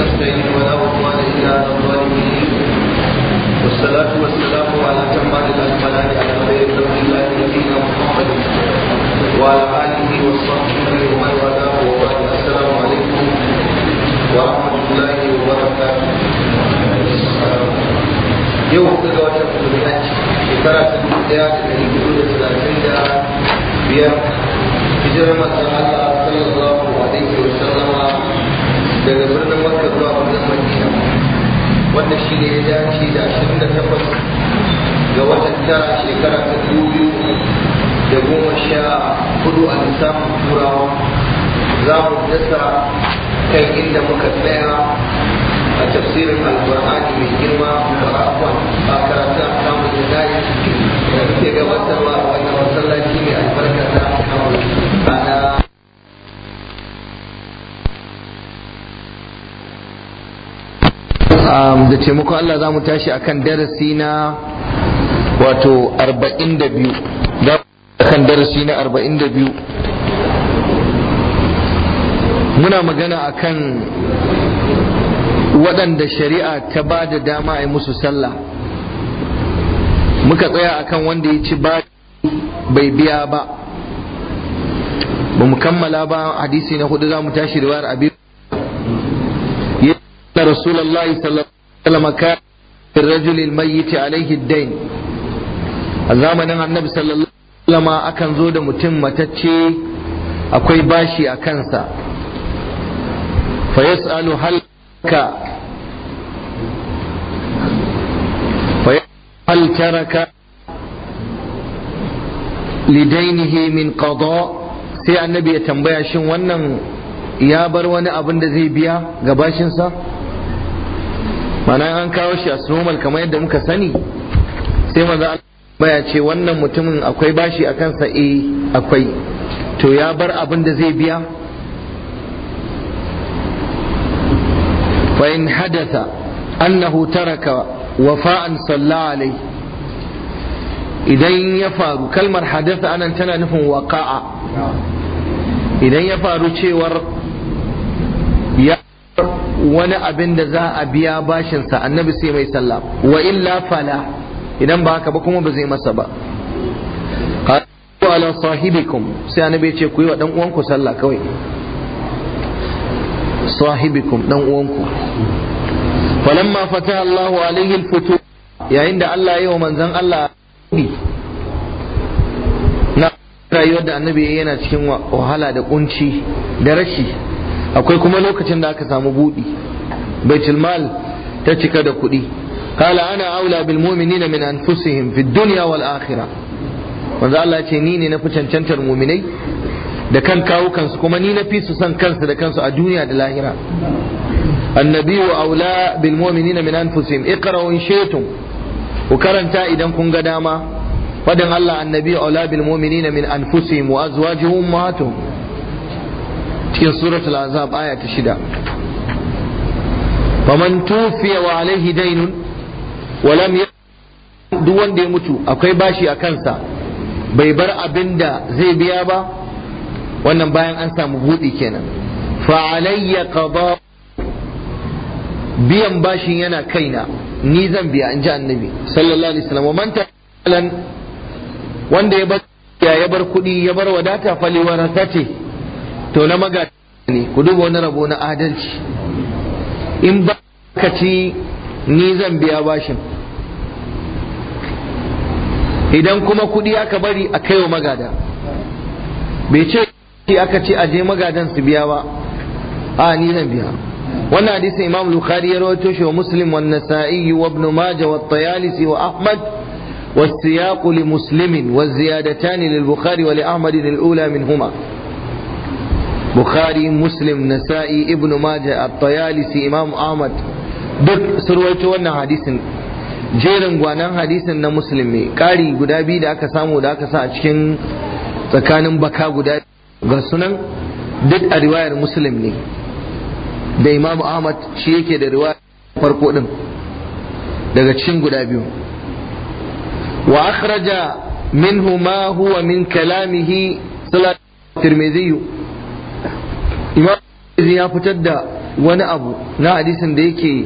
نفسين ولا عدوان إلا على الظالمين والصلاة والسلام على كمال الأكملان على خير خلق الله نبينا محمد وعلى آله وصحبه ومن والاه وبعد السلام عليكم ورحمة الله وبركاته yau hudu ga watan kulmiyanci shekara ta dubu daya da dari hudu da talatin da biyar hijirar manzon Allah sallallahu alaihi wa sallama daga birnin makka zuwa birnin madina wanda shi ne ya dace da ashirin da takwas ga watan tara shekara ta dubu da goma sha hudu a lissafin turawa za mu dasa kai inda muka tsaya a tafsirin alfahari mai girma da rafon a karatun samun jinari da ke gabatarwa a wannan masallaci mai albarka a a da taimako Allah za mu tashi akan darasi na wato 42 akan darasi na 42 muna magana akan waɗanda shari'a ta ba da dama a yi musu sallah muka tsaya akan wanda ya ci ba bai biya ba ba mu kammala ba hadisi na hudu za mu tashi riwayar abin da رسول الله صلى الله عليه وسلم كان الرجل الميت عليه الدين الزمن النبي صلى الله عليه وسلم أكن زود متم متتشي أكوي باشي هل ترك لدينه min قضاء sai annabi ya tambaya shin wannan ya bar wani abin da zai biya ga bashinsa mana an kawo shi a sumal kamar yadda muka sani sai maza baya ce wannan mutumin akwai bashi a kansa eh akwai to ya bar abin da zai biya فإن حدث أنه ترك وفاء صلى عليه idan ya faru kalmar hadasa anan tana nufin waƙa'a idan ya faru cewar ya wani abin da za a biya bashinsa annabi sai mai sallah wa illa fala idan ba haka ba kuma ba zai masa ba ala sahibikum sai annabi ya ce ku yi wa dan uwanku sallah kawai sahibikum dan uwanku falamma fata Allahu alaihi alfutu yayin da Allah ya yi wa manzon Allah na rayuwar da annabi yana cikin wahala da kunci da rashi akwai kuma lokacin da aka samu buɗi baitul mal ta cika da kuɗi kala ana aula bil mu'minina min anfusihim fid dunya wal akhirah Allah ce ni ne na fi cancantar mu'minai da kan kawo kansu kuma ni na fi su san kansu da kansu a duniya da lahira annabi wa aula bil mu'minina min anfusihim iqra'u in shaytum ku karanta idan kun ga dama Wadan Allah annabi aula bil mu'minina min anfusihim wa azwajuhum ummahatuhum cikin suratul azab aya ta shida faman tufiya wa alaihi dainun walam ya duk wanda ya mutu akwai bashi a kansa bai bar abin da zai biya ba wannan bayan an samu buɗe kenan fa alayya qada biyan bashin yana kaina ni zan biya in ji annabi sallallahu alaihi wasallam man wanda ya bar ya bar kuɗi ya bar wadata faliwarata ce to na maga ne ku duba wani rabo na adalci in ba ka ci ni zan biya bashin idan kuma kuɗi aka bari a kai wa magada bai ce aka ce aje magadan su biya ba a ni zan biya wannan hadisin imam bukhari ya rawaito shi wa muslim wa nasa'i wa ibn majah wa tayalisi wa ahmad والسياق لمسلم والزيادتان للبخاري ولأحمد الأولى huma. bukhari muslim nasa'i ibnu majah at-tayalisi imam ahmad duk surwaito wannan hadisin jerin gwanan hadisin na musulmi kari guda biyu da aka samu da aka sa a cikin tsakanin baka guda ga sunan duk a riwayar musulmi ne da imam ahmad shi yake da riwayar farko din daga cikin guda biyu wa akhraja minhu ma huwa min kalamihi salatu tirmidhi imam ya fitar da wani abu na hadisin da yake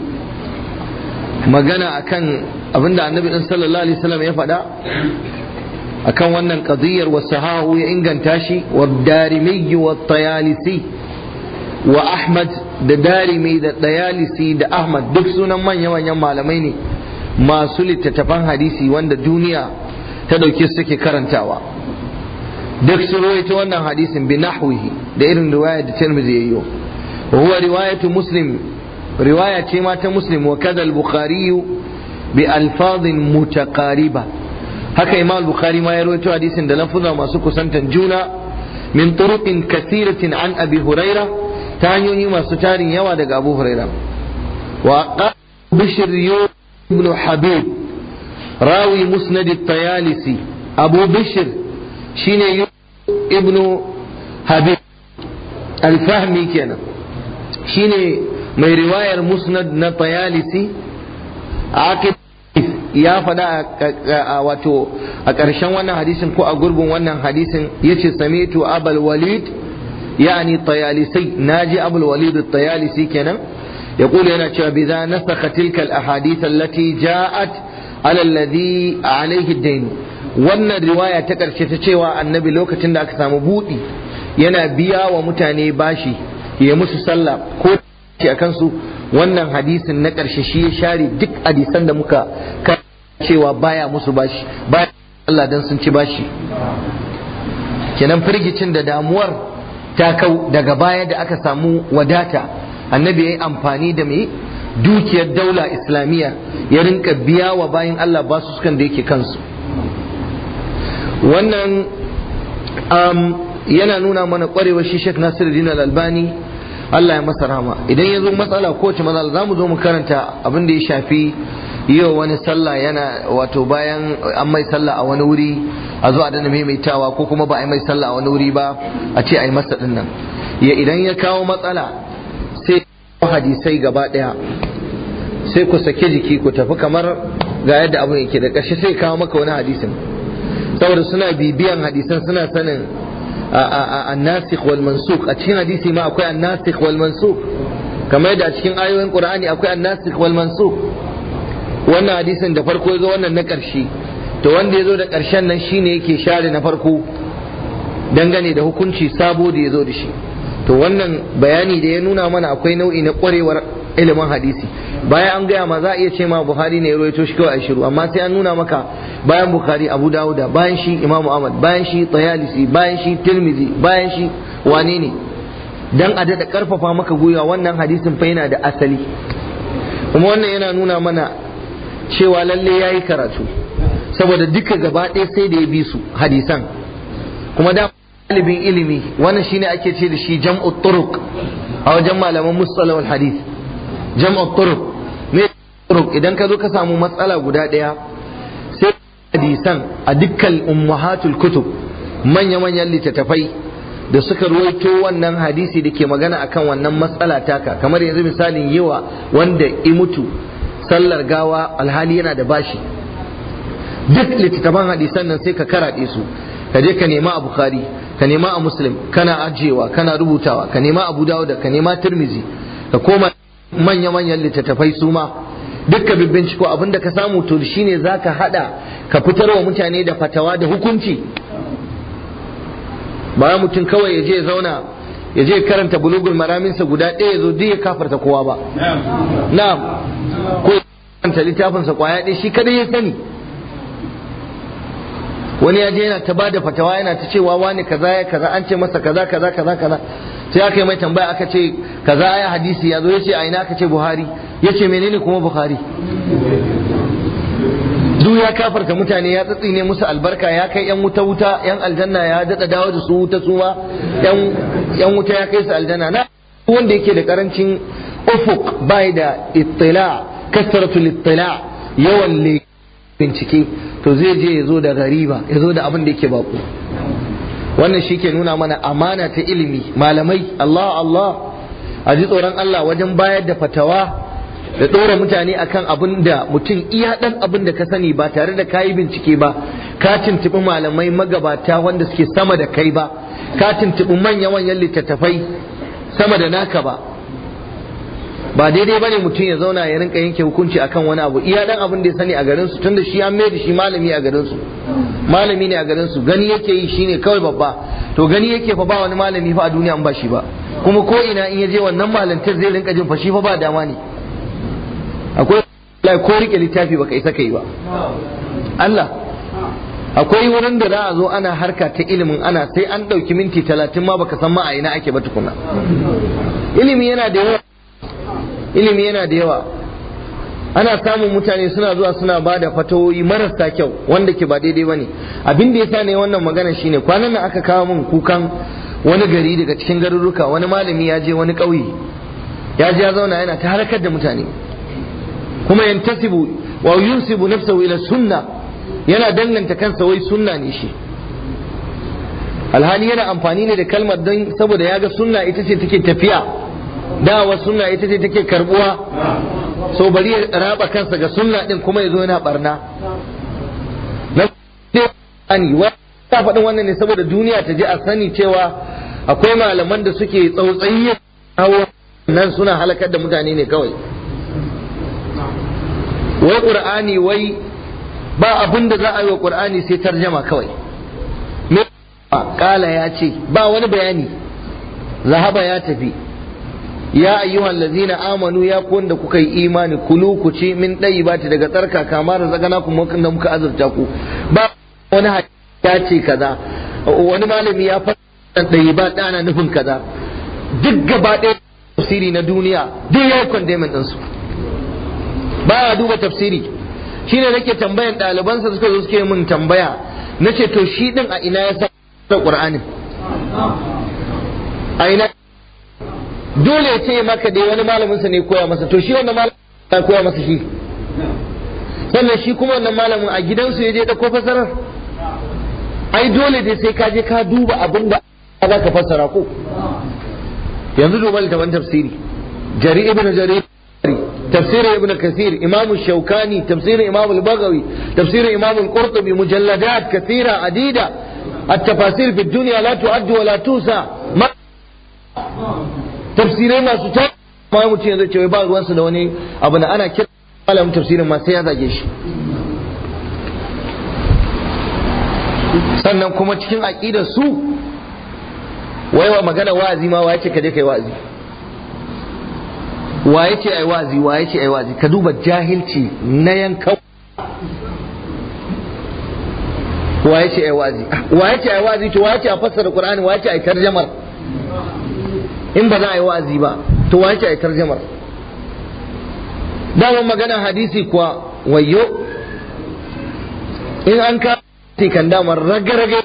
magana a akan abinda annabi ɗin sallallahu alaihi wasallam ya faɗa kan wannan wasu wasahahu ya inganta shi wa darimi wa tayalisi wa ahmad da darimi da tayalisi da ahmad duk sunan manya manyan malamai ne masu littattafan hadisi wanda duniya ta ɗauke suke karantawa duk sun ruwaito wannan hadisin bi nahwihi da irin riwaya da Tirmidhi yayyo huwa riwayatu Muslim riwaya ce ma ta Muslim wa kadha al-Bukhari bi alfadhin mutaqariba haka Imam al-Bukhari ma ya ruwaito hadisin da lafuza masu kusantan juna min turuqin kathiratin an Abi Huraira ta hanyoyi masu tarin yawa daga Abu Huraira wa Bishr ibn Habib rawi musnad at-Tayalisi Abu Bishr shine ibnu habib alfahmi kenan shine mai riwayar musnad na tayalisi akid ya faɗa a wato a ƙarshen wannan hadisin ko a gurgun wannan hadisin yace samitu abal walid yani tayalisai naji abul walid tayalisi kenan يقول هنا بذا نسخ تلك الأحاديث التي جاءت على الذي عليه الدين wannan riwaya ta ƙarshe ta cewa annabi lokacin da aka samu buɗi yana biya wa mutane bashi ya musu sallah ko ce a kansu wannan hadisin na ƙarshe shi ya share duk hadisan da muka cewa baya musu bashi baya Allah dan sun ci bashi kenan firgicin da damuwar ta kau daga baya da aka samu wadata annabi ya yi amfani da mai dukiyar daula islamiyya ya rinka biya wa bayan Allah sukan da yake kansu wannan um, yana nuna mana kwarewa shi Sheikh Nasiruddin Al-Albani Allah ya masa rahama idan ya zo matsala kowace matsala za mu zo mu karanta abin da ya shafi yiwa wani sallah yana wato bayan an mai sallah a wani wuri a zo a dana maimaitawa ko kuma ba a yi mai sallah a wani wuri ba a ce a yi masa din ya idan ya kawo matsala sai hadisai gaba daya sai ku sake jiki ku tafi kamar ga yadda abin yake da ƙarshe sai kawo maka wani hadisin saboda suna bibiyan hadisan suna sanin annasikh wal mansuk a cikin hadisi ma akwai annasikh wal mansuk kamar da a cikin ayoyin qur'ani akwai annasikh wal mansuk wannan hadisin da farko yazo wannan na karshe to wanda yazo da karshen nan shine yake share na farko dangane da hukunci sabo da yazo da shi to wannan bayani da ya nuna mana akwai nau'i na kwarewar ilimin hadisi bayan an gaya ma za a iya ce ma buhari ne ya rawaito shi kawai a shiru amma sai an nuna maka bayan buhari abu dawuda bayan shi imamu ahmad bayan shi tayalisi bayan shi tirmizi bayan shi wane ne dan a daɗa karfafa maka gwiwa wannan hadisin fa yana da asali kuma wannan yana nuna mana cewa lalle ya yi karatu saboda duka gaba ɗaya sai da ya bi su hadisan kuma da ɗalibin ilimi wannan shine ake ce da shi jam'u turuq a wajen malaman mustalahul Hadis. jam'u turuk me turuk idan ka zo ka samu matsala guda daya sai hadisan a dukkan ummahatul kutub manya manyan littattafai da suka ruwaito wannan hadisi da ke magana akan wannan matsala taka kamar yanzu misalin yawa wanda i mutu sallar gawa alhali yana da bashi duk littattafan hadisan nan sai ka karaɗe su ka je ka nema a bukhari ka nema a muslim kana ajewa kana rubutawa ka nema abu dawuda ka nema tirmizi ka koma manya-manyan littattafai su ma dukka binciko abin da ka samu to shine za ka haɗa ka fitar wa mutane da fatawa da hukunci ba mutum kawai ya je zauna ya je karanta bulugul maraminsa guda ɗaya ya zo duk ya kafarta kowa ba na'am ko ya karanta littafinsa kwaya ɗaya shi kadai ya sani wani ya je yana ta bada fatawa yana ta cewa wani kaza ya kaza an ce masa kaza kaza kaza kaza sai aka yi mai tambaya aka ce kaza yi hadisi ya zo ya ce a ina aka ce buhari ya ce menene kuma buhari duk ya kafarta mutane ya ne musu albarka ya kai yan wuta wuta yan aljanna ya daɗa dawo da su wuta su ma yan wuta ya kai su aljanna na wanda yake da karancin ufuk bai da ittila kasratul ittila yawan bincike to zai je ya zo da gariba ya zo da abin da yake bako wannan shi ke nuna mana amana ta ilimi malamai Allah Allah a ji tsoron Allah wajen bayar da fatawa da ɗora mutane akan abin da mutum iya ɗan abin da ka sani ba tare da kayi bincike ba ka tuntuɓi malamai magabata wanda suke sama da kai ba ka tuntuɓi manya-manyan littattafai sama da naka ba ba daidai bane mutum ya zauna ya rinka yanke hukunci akan wani abu iya dan abin da ya sani a garin su tunda shi an mai da shi malami a garin su malami ne a garin su gani yake yi shine kawai babba to gani yake fa ba wani malami fa a duniya an ba shi ba kuma ko ina in ya je wannan malantar zai rinka jin fa shi fa ba dama ne akwai ko rike littafi baka isa yi ba Allah akwai wurin da za a zo ana harka ta ilimin ana sai an ɗauki minti talatin ma baka san ma a ina ake ba tukuna ilimi yana da yawa ilimi yana da yawa ana samun mutane suna zuwa suna ba da fatawoyi marasa kyau wanda ke ba daidai bane abin da ya sa ne wannan magana shine kwanan nan aka kawo min kukan wani gari daga cikin garuruka wani malami ya je wani ƙauye ya je ya zauna yana ta harkar da mutane kuma yantasibu wa yunsibu nafsahu ila sunna yana danganta kansa wai sunna ne shi alhali yana amfani ne da kalmar don saboda ya ga sunna ita ce take tafiya dawa sunna ita ce take karbuwa so bari ya raba kansa ga sunna din kuma ya zo yana barna na wani ta faɗin wannan ne saboda duniya ta ji a sani cewa akwai malaman da suke tsautsayi nan suna halakar da mutane ne kawai wai qur'ani wai ba abin da za a yi wa qur'ani sai tarjama kawai me kala ya ce ba wani bayani zahaba ya tafi ya ayyuhan lazina amanu ya ku wanda kuka yi imani kulu ku ci min ɗayi ba ta daga tsarka kamar da tsakana kuma wanda muka azurta ku ba wani ya ce kaza wani malami ya faɗa ɗayi ba ɗana nufin kaza duk gaba ɗaya tafsiri na duniya duk ya yi condemn ɗinsu ba ya duba tafsiri shine nake tambayan ɗalibansa suka zo suke min tambaya na ce to shi din a ina ya sa da ƙur'anin a ina dole ya ce maka dai wani malamin sa ne koya masa to shi wannan malamin ya koya masa shi sannan shi kuma wannan malamin a gidansu ya je da ko fasarar ai dole dai sai ka je ka duba abin da za ka fassara ko yanzu duba littafin tafsiri jari ibn jari تفسير ابن كثير إمام الشوكاني تفسير إمام البغوي تفسير إمام القرطبي مجلدات كثيرة Adida, التفاسير في الدنيا لا تعد ولا توسع ما tafsirai masu ta ma mutum yanzu ce ba ruwansu da wani abu na ana kira malamin tafsirin ma sai ya zage shi sannan kuma cikin aƙidar su wa magana wa'azi ma waye ce ka je kai wa'azi waye ce ai wa'azi waye ce ai wa'azi ka duba jahilci na yanka waye ce ai wa'azi waye ce ai wa'azi to waye ce a fassara qur'ani waye ce ai tarjamar in ba za a yi wa'azi ba to wa yake a tarjamar daman magana hadisi kuwa wayo in an ka kan damar ragarage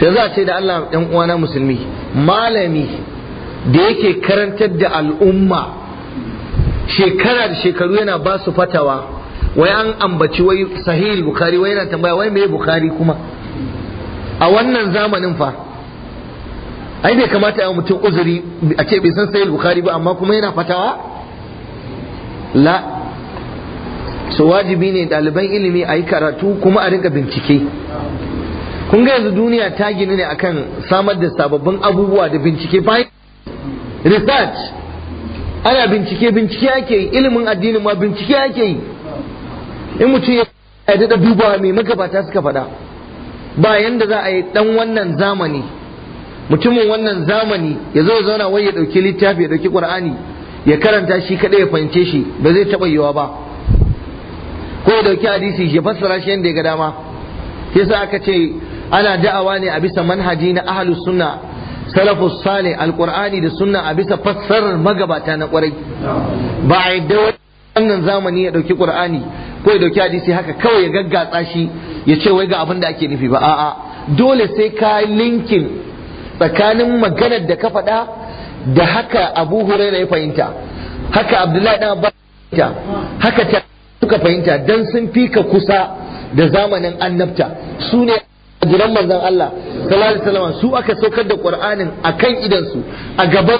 da za a ce da Allah ɗan uwana musulmi malami da yake karantar da al'umma shekara da shekaru yana ba su fatawa wai an ambaci wai sahih bukari wai yana tambaya wai me bukari kuma a wannan zamanin fa ai bai kamata a mutum uzuri a ce bai san sayil bukhari ba amma kuma yana fatawa la su wajibi ne ɗaliban ilimi a yi karatu kuma a rinka bincike kun ga yanzu duniya ta gini ne akan samar da sababbin abubuwa da bincike bayan research ana bincike bincike ake yi ilimin addinin ma bincike ake yi in mutum ya dada dubawa mai magabata suka faɗa Bayan da za a yi ɗan wannan zamani mutumin wannan zamani ya zo zauna wai ya dauki littafi ya ɗauki qur'ani ya karanta shi kaɗai ya fahimce shi ba zai taba yiwa ba ko ya dauki hadisi ya fassara shi yadda ya ga dama yasa aka ce ana da'awa ne a bisa manhaji na ahlus sunna salafus salih alqur'ani da sunna a bisa fassarar magabata na kwarai ba a yadda wannan zamani ya ɗauki ƙur'ani ko ya dauki hadisi haka kawai ya gaggatsa shi ya ce wai ga abin da ake nufi ba a'a dole sai ka linkin tsakanin maganar da ka faɗa da haka abu huraira ya fahimta haka abdullahi dan abbas fahimta haka ta suka fahimta don sun fika kusa da zamanin annabta su ne jiran manzon Allah sallallahu alaihi su aka saukar da qur'anin akan idansu su a gaban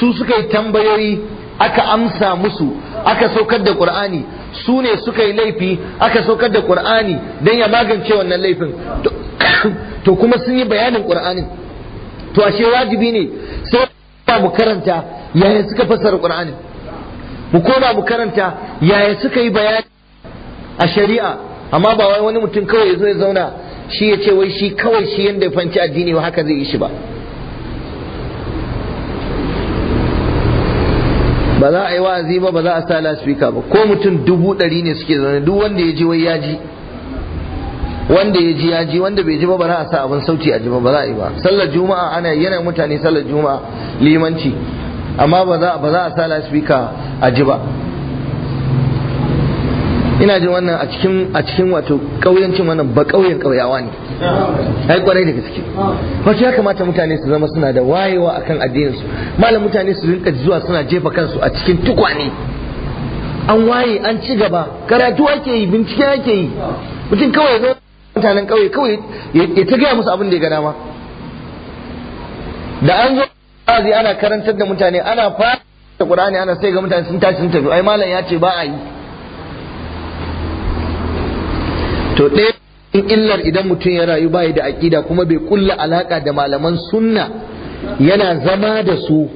su suka yi tambayoyi aka amsa musu aka saukar da qur'ani su ne suka yi laifi aka saukar da qur'ani don ya magance wannan laifin to kuma sun yi bayanin qur'anin to ashe wajibi ne sai mu karanta yaya suka fassara qur'ani mu koma mu karanta yaya suka yi bayani a shari'a amma ba wai wani mutum kawai ya zo ya zauna shi ya ce wai shi kawai shi yanda ya fanci addini ba haka zai yi shi ba ba za a yi wa'azi ba ba za a sa lasfika ba ko mutum dubu ɗari ne suke zaune duk wanda ya ji wai ya ji wanda ya ji ya ji wanda bai ji ba ba za a sa abin sauti a ji ba ba za a yi ba sallar juma'a ana yana mutane sallar juma'a limanci amma ba za a sa laspika a ji ba ina jin wannan a cikin a cikin wato kauyancin wannan ba kauyen kauyawa ne ai kwarai da gaske wato ya kamata mutane su zama suna da wayewa akan addinin su malam mutane su rinka zuwa suna jefa kansu a cikin tukwane an waye an ci gaba karatu ake yi bincike ake yi mutum kawai zo mutanen kawai kawai ya ta gaya musu abin da ya gana ma da an zo azi ana karantar da mutane ana fara da qur'ani ana sai ga mutane sun tashi sun tafi ai malam ya ce ba a yi to ɗaya illar idan mutum ya rayu bayi da aƙida kuma bai kulla alaƙa da malaman sunna yana zama da su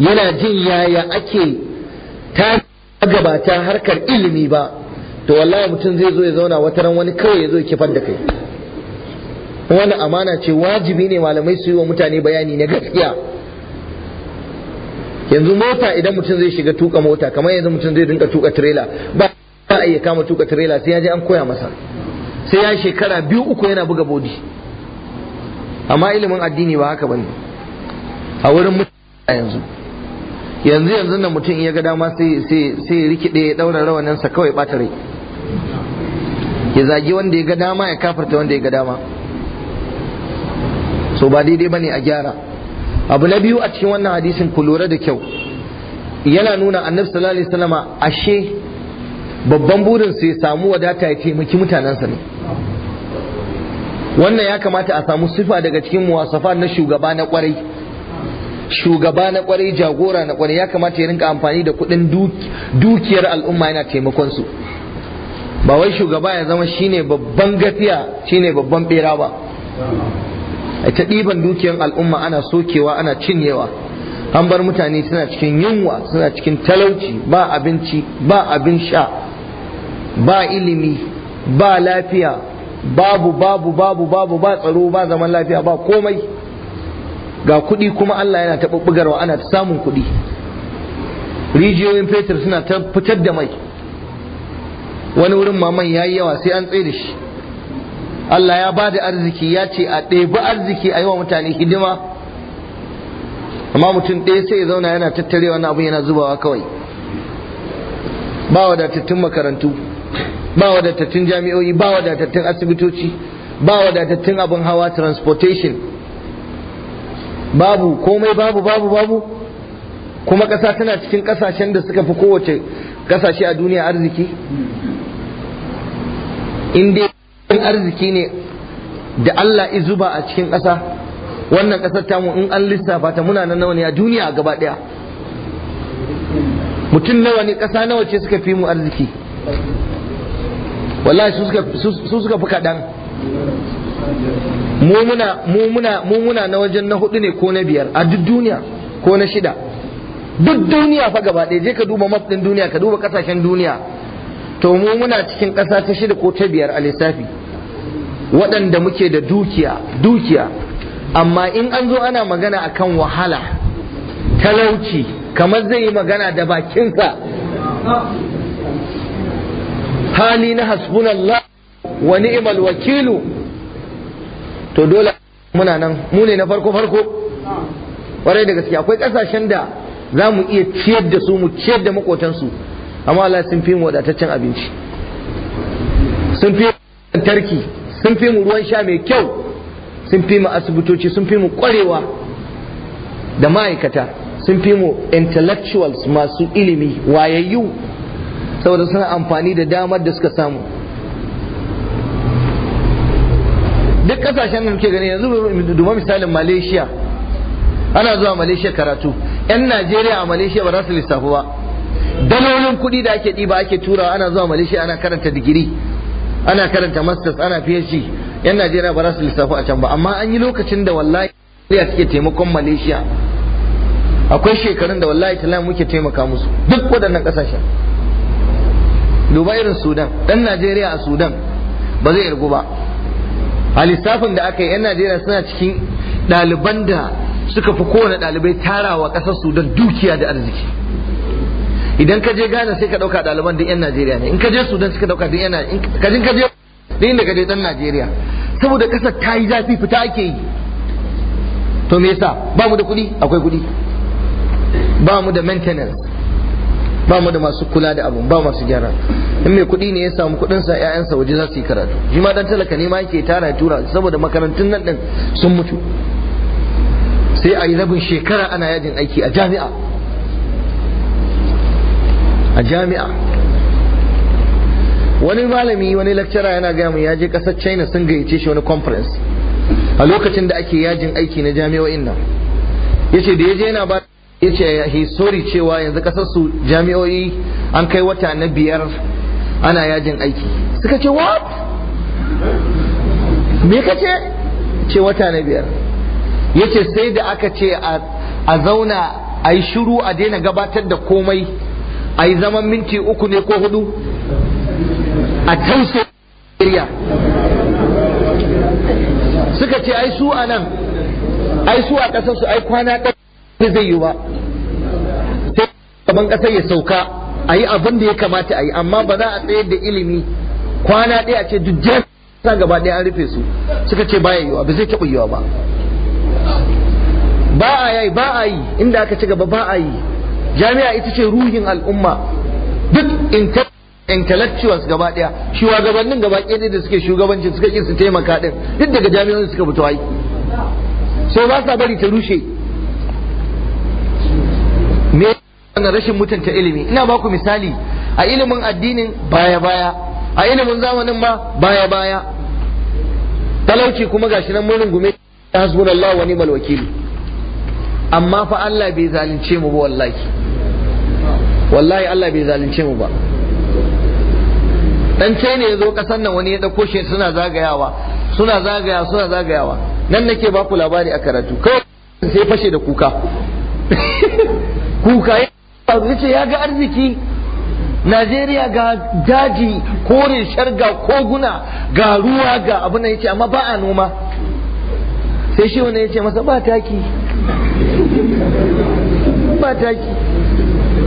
yana jin yaya ake ta gabata harkar ilimi ba to wallahi mutum zai zo ya zauna wata ran wani kawai ya zo ya kifar da kai wani amana ce wajibi ne malamai su yi wa mutane bayani na gaskiya yanzu mota idan mutum zai shiga tuka mota kamar yanzu mutum zai dinka tuka trailer ba a iya kama tuka trailer sai ya je an koya masa sai ya shekara biyu uku yana buga bodi amma ilimin addini ba haka bane a wurin mutane yanzu yanzu yanzu nan mutum ya ga dama sai sai rikide ya daura rawanin sa kawai bata rai ya zagi wanda ya ga dama ya kafarta wanda ya ga dama so ba daidai bane a gyara abu na biyu a cikin wannan hadisin ku lura da kyau yana nuna annabi sallallahu alaihi ashe babban burin su ya samu wadata ya taimaki mutanensa ne wannan ya kamata a samu sifa daga cikin muwasafa na shugaba na kwarai shugaba na kwarai jagora na kwarai ya kamata ya rinka amfani da kuɗin dukiyar al'umma yana taimakon su ba wai shugaba ya zama shine babban gafiya shine babban bera ba a ta ɗiban dukiyar al'umma ana sokewa ana cinyewa an bar mutane suna cikin yunwa suna cikin talauci ba abinci ba abin sha ba ilimi ba lafiya babu babu babu babu ba tsaro ba zaman lafiya ba komai ga kuɗi kuma Allah yana taɓuɓɓugarwa ana ta samun kuɗi rijiyoyin fetur suna ta fitar da mai wani wurin maman ya yi yawa sai an tsaye da shi Allah ya ba da arziki ya ce a ɗebi arziki a yi wa mutane hidima amma mutum ɗaya sai ya zauna yana tattare wani abin yana zubawa kawai ba wadatattun makarantu ba wadatattun jami'o'i ba wadatattun asibitoci ba wadatattun abin hawa transportation babu komai babu babu babu kuma ƙasa tana cikin ƙasashen da suka fi kowace ƙasashe a duniya arziki inda yi arziki ne da Allah izuba a cikin ƙasa wannan ƙasar tamu in an lissafa ta muna nan nawa ne a duniya a gaba ɗaya mutum nawa ne ƙasa nawa ce suka fi mu arziki wallahi su suka fi kaɗan mu muna na wajen na hudu ne ko na biyar a duk duniya ko na shida duk duniya fa gaba ɗaya je ka duba map duniya ka duba ƙasashen duniya to mu cikin ƙasa ta shida ko ta biyar a lissafi waɗanda muke da dukiya dukiya amma in an zo ana magana akan wahala talauci kamar zai yi magana da bakinsa hali na hasbunallah wani imal wakilu to dole muna nan mu ne na farko farko ƙwarai da gaske akwai ƙasashen da za mu iya ciyar da su mu ciyar da makotansu amma Allah sun fi mu wadataccen abinci sun fi mu tarki sun fi mu ruwan sha mai kyau sun fi mu asibitoci sun fi mu ƙwarewa da ma'aikata sun fi mu intellectuals masu ilimi wayayyu saboda suna amfani da damar da suka samu duk kasashen da muke gani yanzu duba misalin malaysia ana zuwa malaysia karatu yan najeriya a malaysia ba za su lissafu ba dalolin kuɗi da ake ɗiba ake turawa ana zuwa malaysia ana karanta digiri ana karanta masters ana phd yan najeriya ba za su lissafu a can ba amma an yi lokacin da wallahi suke taimakon malaysia akwai shekarun da wallahi tallahi muke taimaka musu duk waɗannan ƙasashen duba irin sudan ɗan najeriya a sudan ba zai irgu ba a lissafin da aka yi 'yan najeriya suna cikin ɗaliban da suka fi kowane ɗalibai tarawa ƙasar su don dukiya da arziki idan ka je Ghana sai ka ɗauka ɗaliban duk 'yan Najeriya ne in ka je Sudan suka ɗauka duk 'yan Najeriya kajin ka je duk inda ka je ɗan Najeriya saboda ƙasar ta yi zafi fita ake yi to me yasa ba mu da kuɗi akwai kuɗi ba mu da maintenance ba mu da masu kula da abun ba masu gyara in mai kuɗi ne ya samu kuɗin sa ƴaƴansa waje za su yi karatu shi ma dan talaka ne ma yake tara ya tura saboda makarantun nan din sun mutu sai a yi rabin shekara ana yajin aiki a jami'a a jami'a wani malami wani lecturer yana gaya mun ya je ƙasar China sun gayyace shi wani conference a lokacin da ake yajin aiki na jami'o'in nan yace da yaje yana ba yace history cewa yanzu kasar su jami'o'i an kai wata na biyar ana yajin aiki suka ce what me kace ce wata na biyar yace sai da aka ce a zauna a yi shiru a daina gabatar da komai a yi zaman minti uku ne ko hudu a tausa suka ce ai su a nan ai su a su ai kwana ɗaya zai yi ba sai gaban ƙasar ya sauka a yi abin da ya kamata a yi amma ba za a tsayar da ilimi kwana ɗaya a ce duk sa gaba ɗaya an rufe su suka ce baya wa ba zai taɓa yi ba ba a yi ba a yi inda aka ci gaba ba a yi jami'a ita ce ruhin al'umma duk intellectuals gaba ɗaya shugabannin gaba ɗaya da suke shugabanci suka ƙi su taimaka ɗin duk daga jami'an suka fito aiki so ba sa bari ta rushe me na rashin mutunta ilimi ina baku misali a ilimin addinin baya baya a ilimin zamanin ma baya baya talauci kuma gashi nan mun gume hasbunallahu wa ni'mal wakil amma fa Allah bai zalunce mu ba wallahi wallahi Allah bai zalunce mu ba dan ce ne yazo kasan nan wani ya dauko shi suna zagayawa suna zagaya suna zagayawa nan nake ba ku labari a karatu kai sai fashe da kuka kuka ya ce ya ga arziki Najeriya ga daji kore sharga koguna ga ruwa ga abu ya ce amma ba a noma sai shi wani ce masa ba taki ba taki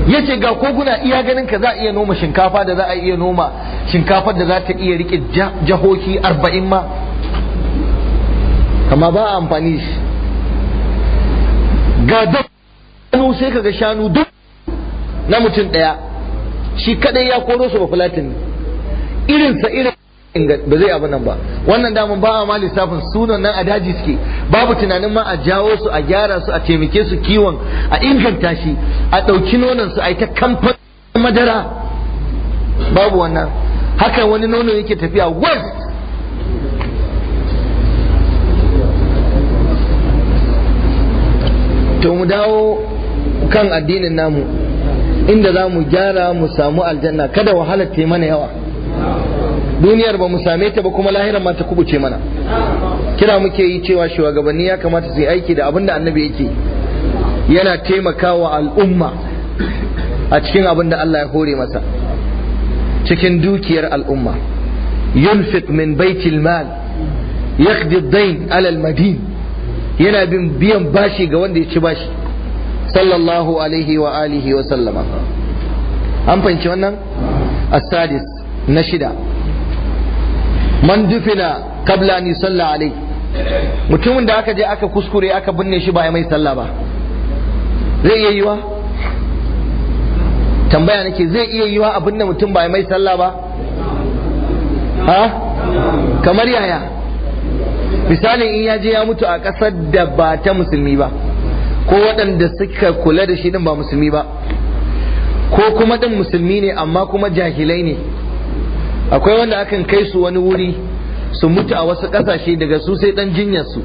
yace ga koguna iya ganin ka za a iya noma shinkafa da za a iya noma shinkafar da za ta iya rike jahohi arba'in ma amma ba a amfani shi ga sai kaga shanu duk na mutum ɗaya shi kadai ya koro su ba fulatin irinsa irin ba zai abu nan ba wannan damun ba a ma lissafin sunan nan a daji suke babu tunanin ma a jawo su a gyara su a taimake su kiwon a inganta shi a ɗauki nonon su a yi ta kamfan madara babu wannan haka wani nono yake tafiya west to mu dawo kan addinin namu inda za mu gyara mu samu aljanna kada wahalar ta mana yawa duniyar ba mu same ta ba kuma lahirar ma ta kubuce mana kira muke yi cewa shugabanni ya kamata su yi aiki da abin da annabi yake yana taimakawa al'umma a cikin abin da Allah ya hore masa cikin dukiyar al'umma yunfiq min baitil mal yaqdi ad-dayn ala al-madin yana bin biyan bashi ga wanda ya ci bashi sallallahu alaihi wa alihi wa sallama an fahimci wannan asadis na shida man dufina qabla ni salla alai mutumin da aka je aka kuskure aka binne shi ba ya mai sallah ba zai iya yiwa tambaya nake zai iya yiwa abin mutum ba ya mai sallah ba ha kamar yaya misalin in ya je ya mutu a ƙasar da ba ta musulmi ba ko waɗanda suka kula da shi din ba musulmi ba ko kuma din musulmi ne amma kuma jahilai ne akwai wanda akan kai su wani wuri su mutu a wasu ƙasashe daga su sai ɗan jinyar su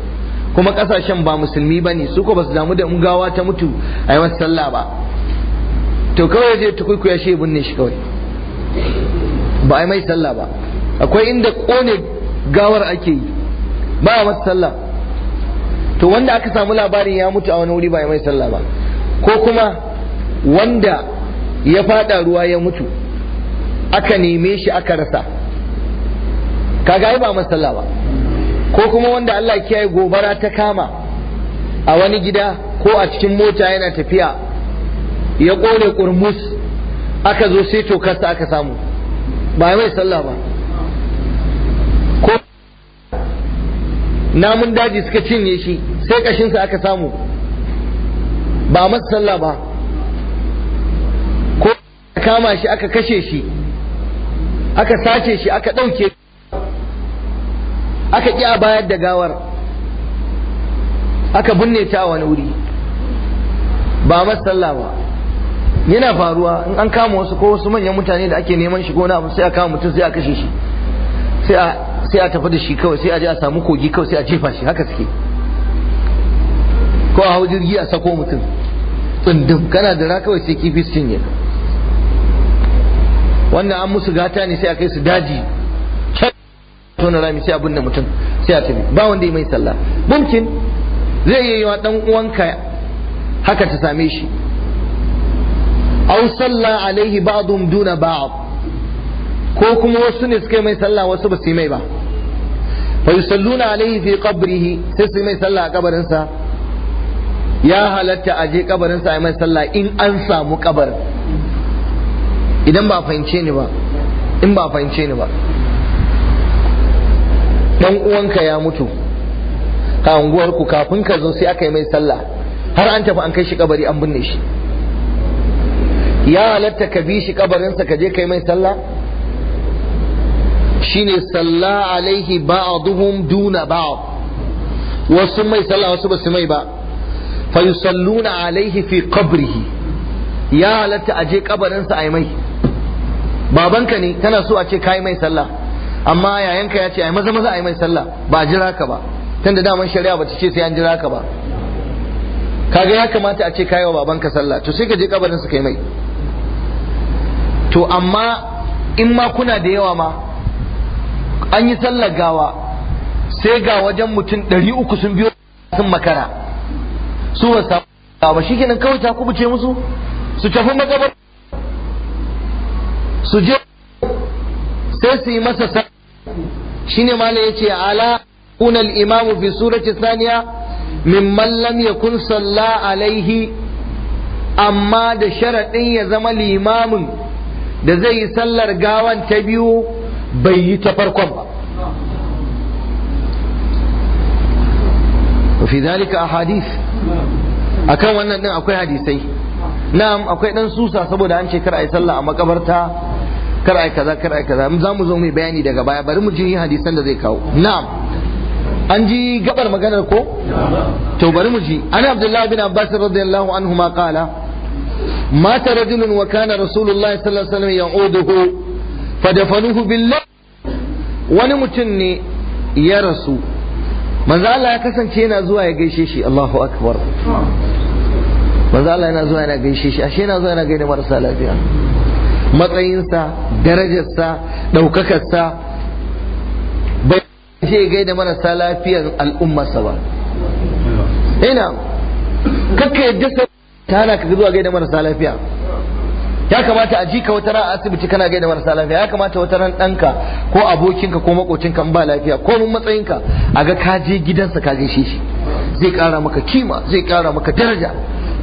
kuma ƙasashen ba musulmi ba ne su ko ba su damu da ungawa ta mutu a yi masa sallah ba to kawai zai tukuikuya shi binne shi kawai ba a yi mai sallah ba akwai inda ƙone gawar ake yi ba a masu sallah to wanda aka samu labarin ya mutu a wani wuri ba ya mai sallah ba ko kuma wanda ya fada ruwa ya mutu aka neme shi aka rasa kaga ai ba mai sallah ba ko kuma wanda Allah ya kiyaye gobara ta kama a wani gida ko a cikin mota yana tafiya ya kore kurmus aka zo sai tokarsa aka samu ba ya mai sallah ba namun daji suka cinye shi sai kashinsa aka samu ba masa ba ko kama shi aka kashe shi aka sace shi aka ɗauke aka ƙi a bayar da gawar aka binne ta a wani wuri ba masa ba yana faruwa in an kama wasu ko wasu manyan mutane da ake neman shigo na abu sai a kama mutum sai a kashe shi sai a tafi da shi kawai sai a je a samu kogi kawai sai a jefa shi haka suke ko a hau jirgi a sako mutum tsundum kana da ra kawai sai kifi su cinye wannan an musu gata ne sai a kai su daji tona rami sai abin da mutum sai a tafi ba wanda ya mai sallah mumkin zai iya yiwa dan uwanka haka ta same shi aw salla alaihi ba'dhum duna ba'd ko kuma wasu ne suka mai sallah wasu ba su yi mai ba fa yusalluna alaihi fi qabrihi sai su yi mai sallah a kabarinsa ya halatta a je kabarin sa mai sallah in an samu kabar idan ba fahimce ni ba in ba fahimce ni ba dan uwanka ya mutu a unguwar ku kafin ka zo sai aka yi mai sallah har an tafi an kai shi kabari an binne shi ya halatta ka bi shi sa ka je kai mai sallah shine sallah alaihi ba'dhum duna ba'd wasu mai sallah wasu ba su mai ba fa yusalluna alaihi fi qabrihi ya halatta a je kabarinsa a yi mai babanka ne kana so a ce kai mai sallah amma yayanka ya ce yi maza maza yi mai sallah ba jira ka ba tunda daman shari'a bata ce sai an jira ka ba kaga ya kamata a ce kai wa babanka sallah to sai ka je kabarin ka kai mai to amma in ma kuna da yawa ma an yi sallar gawa sai ga wajen mutum 300 sun biyo sun makara su ba samu ba shikenan kawai ta kubuce musu su tafi makabar su je sai su yi masa sa shine malai yace ala kuna al-imamu fi surati thaniya mimman lam yakun salla alaihi amma da sharaɗin ya zama limamin da zai yi sallar gawan ta biyu bai yi ta farkon ba وفي ذلك أحاديث akan wannan din akwai hadisai na'am akwai dan susa saboda an ce kar ai sallah a makabarta kar ai kaza kar ai kaza za mu zo mu bayani daga baya bari mu ji hadisan da zai kawo na'am an ji gabar maganar ko to bari mu ji ana abdullahi bin abbas radiyallahu anhu ma qala mata rajulun wa kana rasulullahi sallallahu alaihi wasallam ya'uduhu fadafanuhu billah wani mutum ne ya rasu manzo Allah ya kasance yana zuwa ya gaishe shi Allahu akbar manzo Allah yana zuwa yana gaishe shi ashe yana zuwa yana gaida marasa lafiya matsayinsa darajarsa ɗaukakarsa bai ce gaida marasa lafiyar al'ummarsa ba ina kakka yadda ta tana ka zuwa gaida marasa lafiya ya kamata a jika wata ran asibiti kana gaida marasa lafiya ya kamata wata ran ɗanka ko abokinka ko makocinka in ba lafiya ko mun matsayinka a ga ka je gidansa ka gaishe shi zai ƙara maka kima zai ƙara maka daraja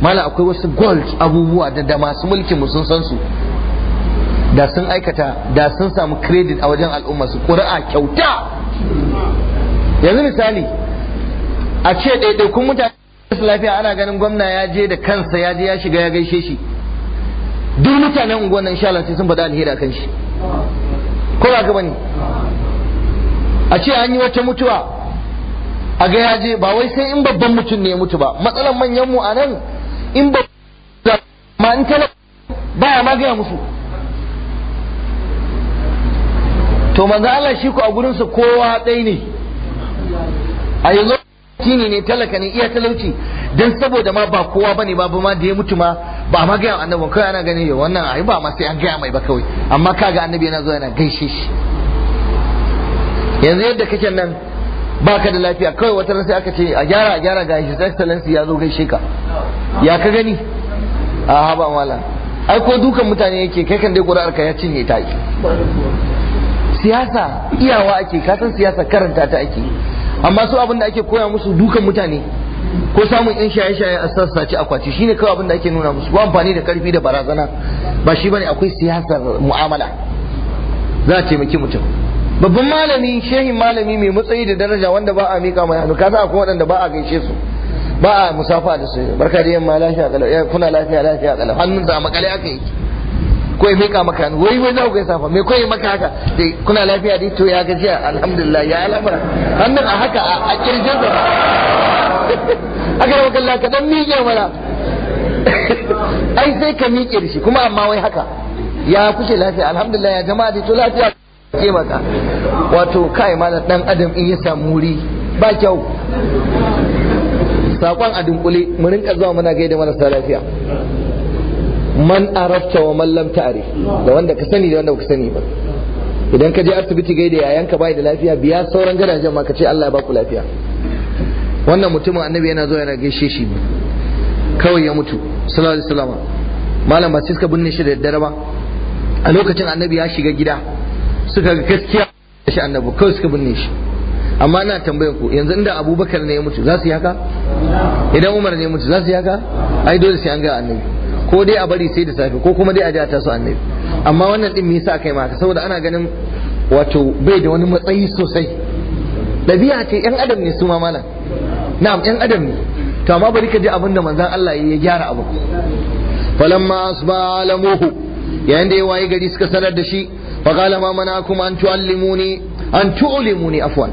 mala akwai wasu gold abubuwa da da masu mulkin mu san su da sun aikata da sun samu credit a wajen al'umma su ƙuri'a kyauta yanzu misali a ce ɗaiɗaikun mutane lafiya ana ganin gwamna ya je da kansa ya je ya shiga ya gaishe shi duk mutanen unguwan nan insha sai sun faɗa alheri kan shi ko ba ka bane a ce an yi wata mutuwa a ga yaje ba wai sai in babban mutum ne ya mutu ba matsalan manyan mu anan in ba ma in tala baya ma gaya musu to manzo Allah shi ku a gurin su kowa ɗaya ne a yanzu tini ne talaka ne iya talauci dan saboda ma ba kowa bane ba ba ma da ya mutu ma ba ma ga annabi kai ana gani yau wannan ai ba ma sai an gaya mai ba kawai amma kaga annabi yana zo yana gaishe shi yanzu yadda kake nan baka da lafiya kawai wata sai aka ce a gyara a gyara ga his excellency ya zo gaishe ka ya ka gani a haba mala ai ko dukan mutane yake kai kan dai ƙuri'ar ka ya cinye ta siyasa iyawa ake kasan siyasa karanta ta ake amma su abin da ake koya musu dukan mutane ko samun yan shaye-shaye a sassace akwati shine kawai abin da ake nuna musu ba amfani da karfi da barazana ba shi bane akwai siyasar mu'amala za a taimaki mutum babban malami shehin malami mai matsayi da daraja wanda ba a mika mai hannu kaza akwai waɗanda ba a gaishe su ba a musafa da su barka da yamma lafiya kala eh, kuna lafiya lafiya kala hannun da makale aka yi ko ya mika maka hannu wai wai za ku gaisa safa me ko ya maka haka dai kuna lafiya dai to ya gajiya alhamdulillah ya al'amura hannun a haka a kirjin sa aka rawa kallon ka dan miƙe mana ai sai ka miƙe da shi kuma amma wai haka ya kuke lafiya alhamdulillah ya jama'a dai to lafiya ke maka wato kai malam dan adam in ya samu wuri ba kyau sakon a dunkule mu rinka zuwa muna gaida marasa lafiya man arafta wa man lam ta'rif da wanda ka sani da wanda ka sani ba idan ka je asibiti gaida yayanka bai da lafiya biya sauran gadajen ma ka ce Allah ya baku lafiya wannan mutumin annabi yana zuwa yana gaishe shi ne kawai ya mutu sallallahu alaihi wasallam malam ba suka binne shi da daddare ba a lokacin annabi ya shiga gida suka ga gaskiya shi annabi kawai suka binne shi amma ina tambayar ku yanzu inda abubakar ne ya mutu za su yi haka idan umar ne ya mutu za su yi haka ai dole sai an ga annabi ko dai a bari sai da safe ko kuma dai a jata su annabi amma wannan din me yasa kai ma saboda ana ganin wato bai da wani matsayi sosai dabi'a ce yan adam ne su ma malam na'am yan adam ne to amma bari ka ji abin da manzon Allah ya gyara abu falamma asba alamuhu yayin da ya waye gari suka sanar da shi فقال ما منعكم an tu'allimuni an تعلموني afwan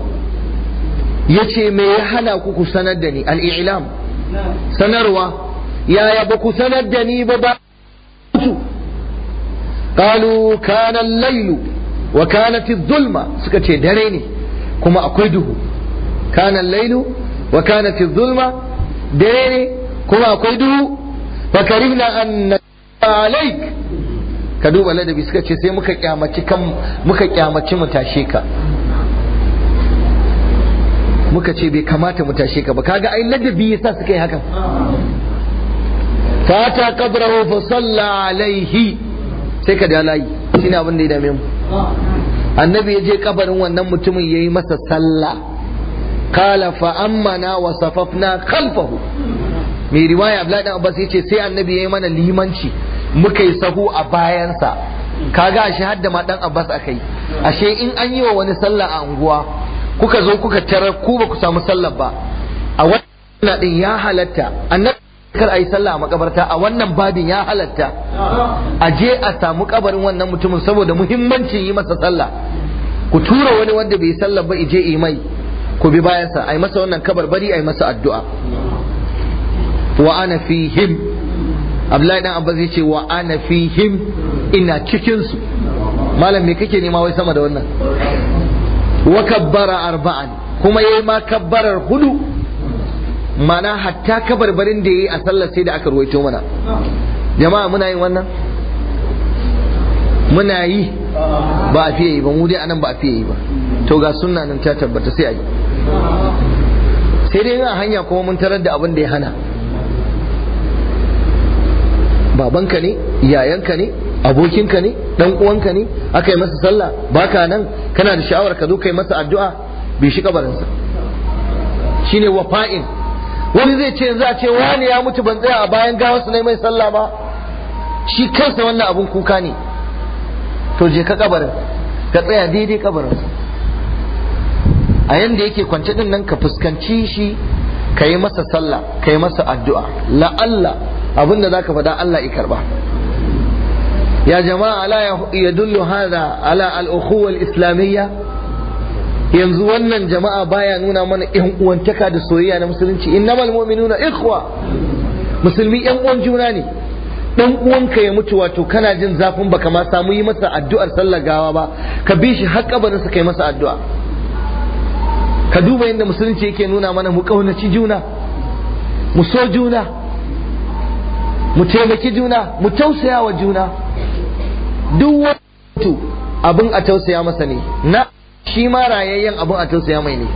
yace me ya hana ku ku sanar da ni al al'ilam sanarwa yaya ba ku sanar da ni ba ba su kanu kana laylu wa kana zulma suka ce dare ne kuma akwai duhu kana laylu wa kana zulma dare ne kuma akwai duhu fa karimna an alaik ka duba ladabi suka ce sai muka kyamaci mutashe ka muka ce bai kamata mutashe ka ba kaga ai ladabi yasa suka yi haka fata kabrahu fa salla alaihi sai ka da layi shine abin da ya dame mu annabi ya je kabarin wannan mutumin yayi masa salla qala fa ammana wa safafna khalfahu mai riwaya Abdullahi dan Abbas yace sai annabi yayi mana limanci muka yi sahu a bayansa kaga ashe hadda ma dan Abbas akai ashe in an yi wa wani sallah a unguwa kuka zo kuka tarar ku ba ku samu sallah ba a wannan din ya halatta annabi kar a yi sallah a makabarta a wannan babin ya halatta a je a samu kabarin wannan mutumin saboda muhimmancin yi masa sallah ku tura wani wanda bai yi sallah ba ije yi mai ku bi bayansa a yi masa wannan kabar bari a yi masa addu'a wa ana fihim Abdullahi dan Abbas yace wa ana fihim ina cikin su malam me kake nema wai sama da wannan wa kabbara arba'an kuma yayi ma kabbarar hudu mana hatta kabarbarin da ya yi a sallar sai da aka ruwaito mana jama'a muna yin wannan muna yi ba a fiye yi ba mu dai anan ba a fiye yi ba to ga sunna nan ta tabbata sai a yi sai dai a hanya kuma mun tarar da abin da ya hana babanka ne yayanka ne abokinka ne dan uwanka ne aka yi masa sallah baka nan kana da sha'awar ka zo kai masa addu'a bai shi kabarinsa shine wafa'in wani zai ce za a ce wani ya mutu ban tsaya a bayan gawar su mai sallah ba shi kansa wannan abun kuka ne to je ka kabarin ka tsaya daidai kabarin. a yanda yake kwance din nan ka fuskanci shi ka yi masa sallah ka yi masa addu'a la'alla abin da za ka faɗa Allah ya karba ya jama'a ala ya dullu hada ala al'ukhuwar islamiyya yanzu wannan jama'a baya nuna mana ƴan uwantaka da soyayya na musulunci innamal mu'minuna ikhwa musulmi ƴan uwan juna ne dan uwanka ya mutu wato kana jin zafin baka ma samu yi masa addu'ar sallar gawa ba ka bi shi har kabarin sa kai masa addu'a ka duba yadda musulunci yake nuna mana mu kaunaci juna mu so juna mu taimaki juna mu tausaya wa juna duk wani abin a tausaya masa ne na shi ma rayayyen abin a tausaya mai ne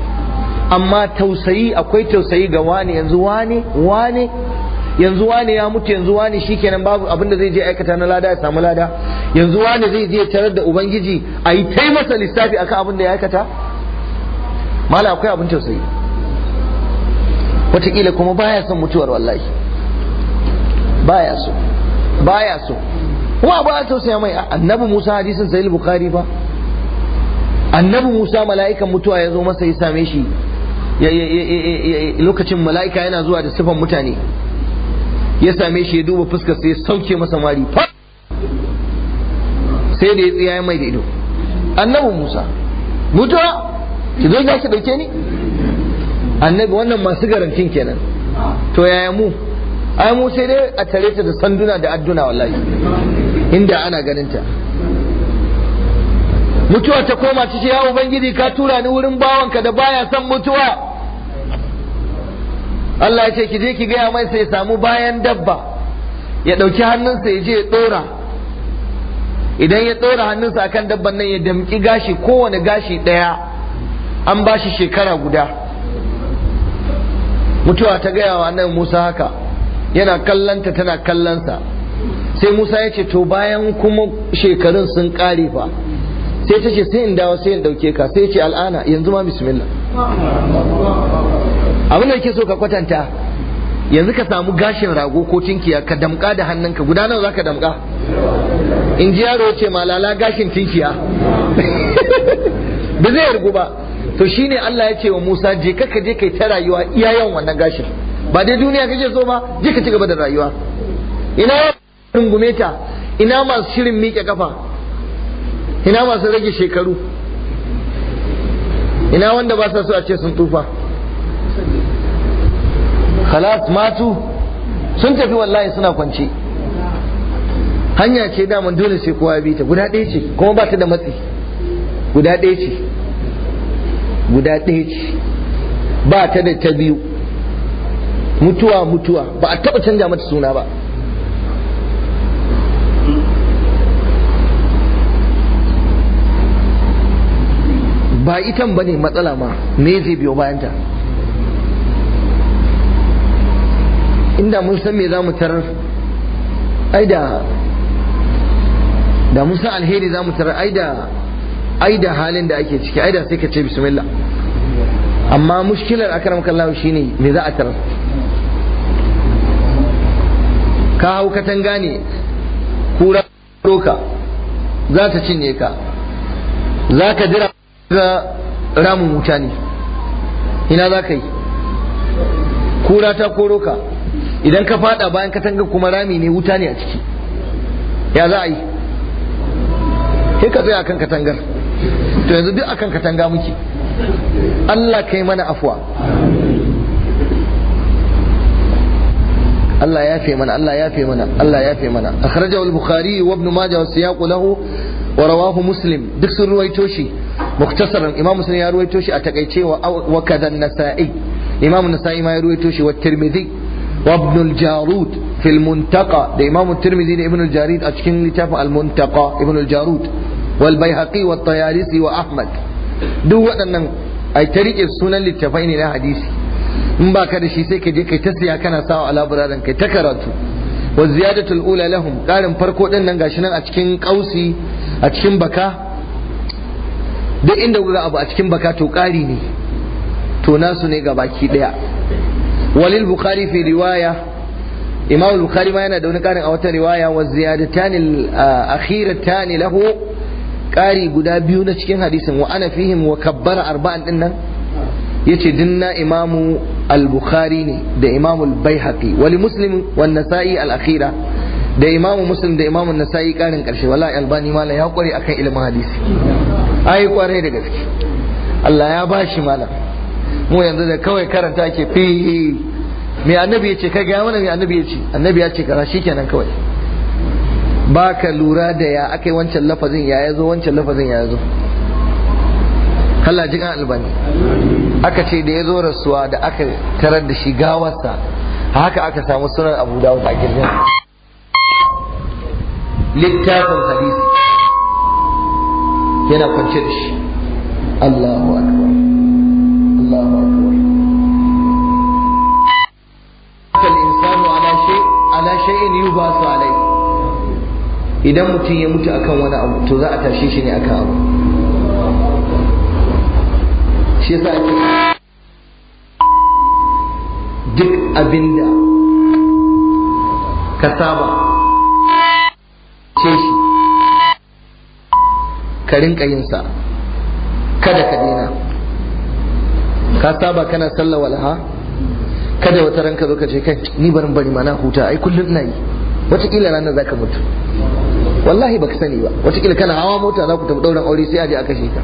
amma tausayi akwai tausayi ga wani yanzu wani wani yanzu wani ya mutu yanzu wani shikenan babu abin da zai je aikata na lada ya samu lada yanzu wani zai je tarar da ubangiji a yi tai masa lissafi akan abin da ya aikata mala akwai abin tausayi wataƙila kuma baya son mutuwar wallahi baya so baya so wa ba tausaya mai annabi Musa hadisin sahih bukhari ba annabi Musa mala'ikan mutuwa ya zo masa ya same shi lokacin mala'ika yana zuwa da sifan mutane ya same shi ya duba fuskar sai ya sauke masa mari sai da ya tsaya mai da ido annabi Musa mutuwa ki zo ki dauke ni annabi wannan masu garantin kenan to yaya mu ai mu sai dai a tare ta da sanduna da adduna wallahi inda ana ganin ta mutuwa ta koma ta ce ya ubangiji ka tura ni wurin bawanka da baya son mutuwa Allah ya ce ki je ki gaya mai sai samu bayan dabba ya ɗauki hannunsa ya je ya ɗora idan ya ɗora hannunsa akan dabban nan ya damƙi gashi kowane gashi ɗaya an ba shi shekara guda mutuwa ta gaya wa nan Musa haka yana kallanta tana kallansa sai Musa ya ce to bayan kuma shekarun sun ƙare fa sai ta ce sai in dawo sai in dauke ka sai ce al'ana yanzu ma bismillah abin da yake so ka kwatanta yanzu ka samu gashin rago ko tinkiya ka damka da hannunka guda nawa zaka damka in ji yaro ce malala gashin tinkiya ba zai yargu ba to shine Allah ya ce wa Musa je ka je kai ta rayuwa iya yawan wannan gashin ba dai duniya je so ba je ka ci gaba da rayuwa ina rungume ta ina masu shirin miƙe kafa ina masu rage shekaru ina wanda ba sa so a ce sun tufa khalas matu sun tafi wallahi suna kwance hanya ce daman dole sai kowa bi ta guda ɗaya ce kuma ba ta da matsi guda ɗaya ce guda ɗaya ce ba ta da ta biyu mutuwa mutuwa ba a taɓa canja mata suna ba ba itan bane matsala ma me zai biyo bayan ta inda mun san me za mu tarar ai da da mun san alheri za mu tarar ai da ai da halin da ake ciki ai da sai ka ce bismillah amma mushkilar akaram kallahu shine me za a tarar ka hau katanga ne kura roka za ta cinye ka za ka jira ga ramin wuta ne ina za ka yi kura ta koro ka idan ka fada bayan tanga kuma rami ne wuta ne a ciki ya za a yi sai ka tsaya akan katangar to yanzu duk akan katanga muke Allah kai mana afuwa Allah ya fi mana Allah ya fi mana Allah ya fi mana akhrajahu al-bukhari wa ibn majah wa siyaqu lahu wa rawahu muslim duk sun ruwaito shi muktasaran imam muslim ya ruwaito shi a takaice wa kadan nasa'i imam nasa'i ma ya ruwaito shi wa tirmidhi wa ibn jarud fi da imam da ibn jarid a cikin littafin al-muntaqa ibn al-jarud wal bayhaqi wa tayalisi wa ahmad duk waɗannan ai ta rike sunan littattafai ne na hadisi in ba ka da shi sai ka je kai ta siya kana sawa a labirarin kai ta karatu wa ziyadatul ula lahum ƙarin farko din nan shi nan a kausi a cikin baka duk inda kuka abu a cikin baka to ƙari ne to nasu ne ga baki ɗaya walil bukhari fi riwaya imam bukhari ma yana da wani ƙarin a wata riwaya wa ziyadatan akhiratan lahu ƙari guda biyu na cikin hadisin wa ana fihim wa kabbara arba'an din nan yace dinna imamu al-bukhari ne da imamu al-baihaqi wali muslim wa nasai al-akhira da imamu muslim da imamu nasai ƙarin ƙarshe wallahi albani ma ya kware akan ilimin hadisi ai kwarai da gaske Allah ya bashi malam mu yanzu da kawai karanta ake fi me annabi yace ka ga mana me annabi yace annabi ya ce kaza shikenan kawai ba ka lura da ya akai wancan lafazin ya yazo wancan lafazin ya yazo Allah ji kan albani aka ce da ya zo rasuwa da aka tarar da shi gawarsa haka aka samu sunan abu dawud a girgin littafin hadisi yana kwance da shi Allahu akbar Allahu akbar kal insanu ala shay ala shay'in yubasu alai idan mutum ya mutu akan wani abu to za a tashe shi ne akan abu shi yasa ake duk abinda ka saba ce shi ka rinka yin sa kada ka daina ka saba kana sallah walha kada wata ranka zo ka ce kai ni barin bari mana huta ai kullum ina yi wataƙila ranar zaka mutu wallahi baka sani ba wataƙila kana hawa mota za ku tafi ɗaurin aure sai a je a kashe ka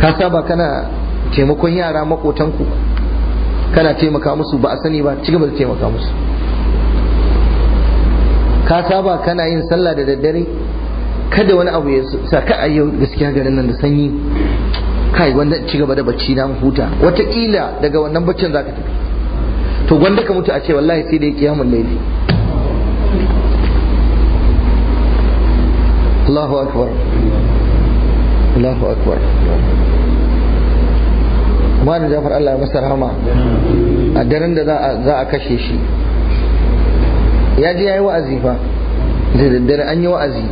ka saba kana taimakon yara makotanku kana taimaka musu ba a sani ba ci gaba da taimaka musu ka saba kana yin sallah da daddare kada wani abu ya sa ka a yau gaskiya garin nan da sanyi kai wanda ci gaba da bacci na huta wataƙila daga wannan baccin zaka tafi to gwanda ka mutu a ce wallahi sai dai kiyamul laili Allahu akbar Allahu akbar Malam Jafar Allah ya masa rahama a daren da za a kashe shi ya ji yayi wa'azi fa da daddare an yi wa'azi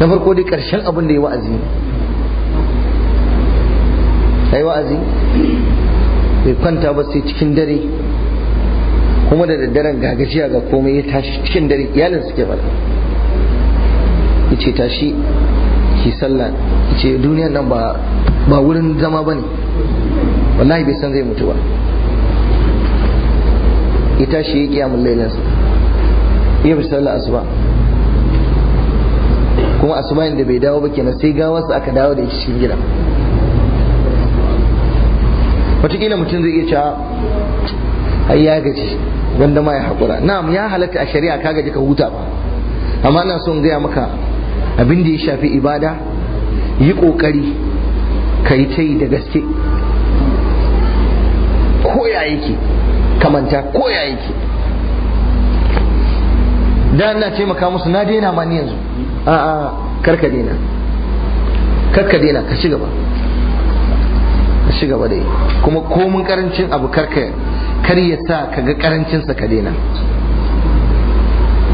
na farko dai karshen abin da ya wa'azi ya yi wa'azi bai kwanta ba sai cikin dare kuma da daddaren gagajiya ga komai ya tashi cikin dare iyalin suke ba. ya ce tashi ki sallah ya ce duniya nan ba wurin zama ba ne wallahi bai san zai mutu ba ya tashi ya kiyamun lailansa ya bi sallah asuba kuma asuman da bai dawo ba kenan sai gawarsa aka dawo da shi gida wataƙila mutum zai iya cewa ai ya gaji wanda ma ya haƙura na'am ya halatta a shari'a ka gaji ka huta ba amma ina son gaya maka abin da ya shafi ibada yi ƙoƙari ka yi ta da gaske ko ya yake kamanta ko ya yake da ina taimaka musu na daina ma ni yanzu a a karka daina karka daina ka ci gaba ka ci gaba dai kuma komin karancin abu karka kar ya sa ka ga karancin sa ka daina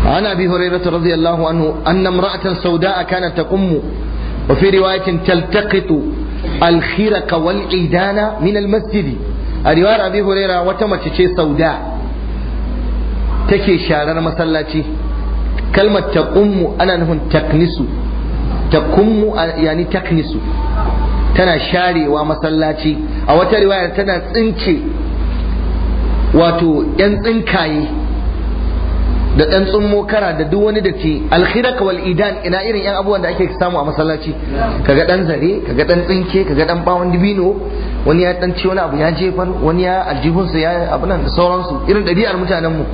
عن ابي هريره رضي الله عنه ان امراه سوداء كانت تقم وفي روايه تلتقط الخرق والعيدان من المسجد روايه ابي هريره وتمت سوداء take sharar masallaci kalmar taqummu ana nufin taknisu ya yani taknisu tana sharewa masallaci a wata riwaya tana tsince wato yan tsinkaye da ɗan tsummo kara da duk wani da ke alkhidaka wal idan ina irin yan abubuwan da ake samu a masallaci kaga dan zare kaga dan tsinke kaga dan bawon dibino wani ya dan ci wani abu ya jefar wani ya aljihunsa ya abunan da sauransu irin ɗabi'ar mutanen mu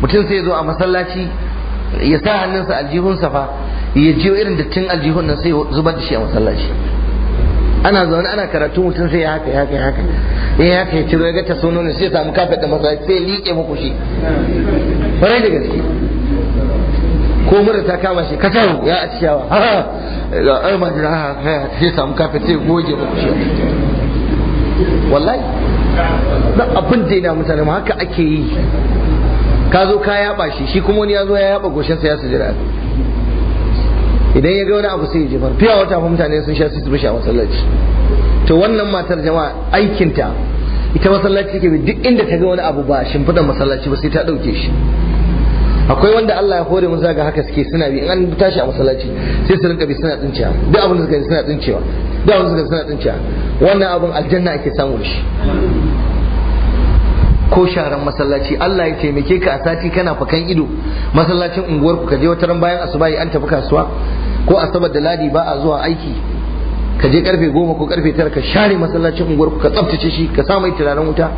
mutum sai zo a masallaci ya sa hannunsa aljihunsa fa ya jiyo irin da tun aljihun nan sai zubar da shi a masallaci ana zaune ana karatu mutum sai ya haka ya haka ya haka ya haka ya ciro ya ga taso ne sai samu kafet da masallaci sai liƙe muku shi farai da gaske ko mura ta kama shi kasar ya a ciyawa ha ga almajira ha sai samu kafet sai goge muku shi wallahi da abin da yana mutane ma haka ake yi ka zo ka yaba shi shi kuma wani ya zo ya yaba goshen sa ya sujada idan ya ga wani abu sai ya jefar fiya wata fa mutane sun sha su bishi a masallaci to wannan matar jama'a aikinta ita masallaci ke duk inda ta ga wani abu ba shimfiɗan masallaci ba sai ta ɗauke shi akwai wanda Allah ya hore musu ga haka suke suna bi in an tashi a masallaci sai su rinka bi suna tsincewa duk abin da suka suna tsincewa duk abin da suka suna tsincewa wannan abin aljanna ake samu shi ko sharan masallaci Allah ya taimake ka a sati kana fakan ido masallacin unguwar ku kaje wata ran bayan asuba an tafi kasuwa ko asabar da ladi ba a zuwa aiki ka karfe goma ko karfe tara ka share masallacin unguwar ku ka tsaftace shi ka sa mai turaren wuta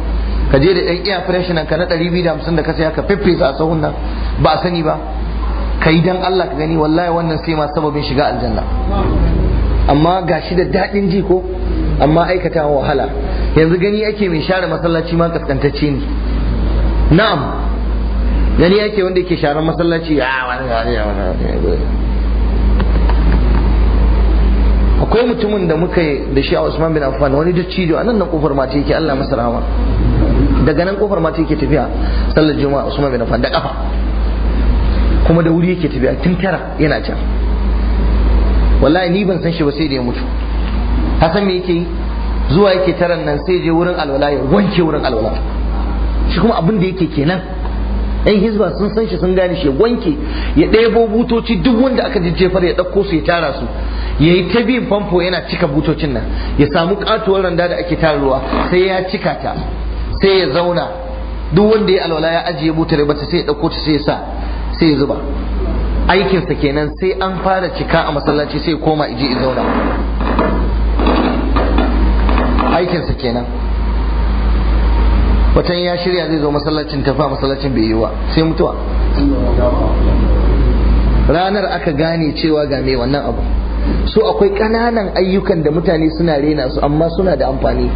kaje da ɗan iya freshener ka na ɗari biyu da hamsin da ka saya ka feffesa a sahun nan ba a sani ba ka yi dan Allah ka gani wallahi wannan sai ma sababin shiga aljanna amma gashi da daɗin ji ko amma aikata wahala yanzu gani ake mai share masallaci ma kaskantacce ne na'am gani ake wanda yake share masallaci a wani wani wani akwai mutumin da muka yi da shi a Usman bin Affan wani dattijo a nan kofar mace yake Allah masa rahama daga nan kofar mace yake tafiya sallar juma'a Usman bin Affan da kafa kuma da wuri yake tafiya tun tara yana can wallahi ni ban san shi ba sai da ya mutu Hassan me yake yi zuwa yake taran nan sai je wurin alwala ya wanke wurin alwala shi kuma abin da yake kenan Ɗan hizba sun san shi sun gane shi wanke ya ɗebo butoci duk wanda aka jejjefar ya ɗauko su ya tara su ya yi ta biyun famfo yana cika butocin nan ya samu katuwar randa da ake tara sai ya cika ta sai ya zauna duk wanda ya alwala ya ajiye butar bata sai ya ɗauko ta sai ya sa sai ya zuba aikinsa kenan sai an fara cika a masallaci sai ya koma ije ya zauna aikinsa kenan watan ya shirya zai zo masallacin tafa masallacin bai yi wa sai mutuwa ranar aka gane cewa ga mai wannan abu so akwai ƙananan ayyukan da mutane suna rena su amma suna da amfani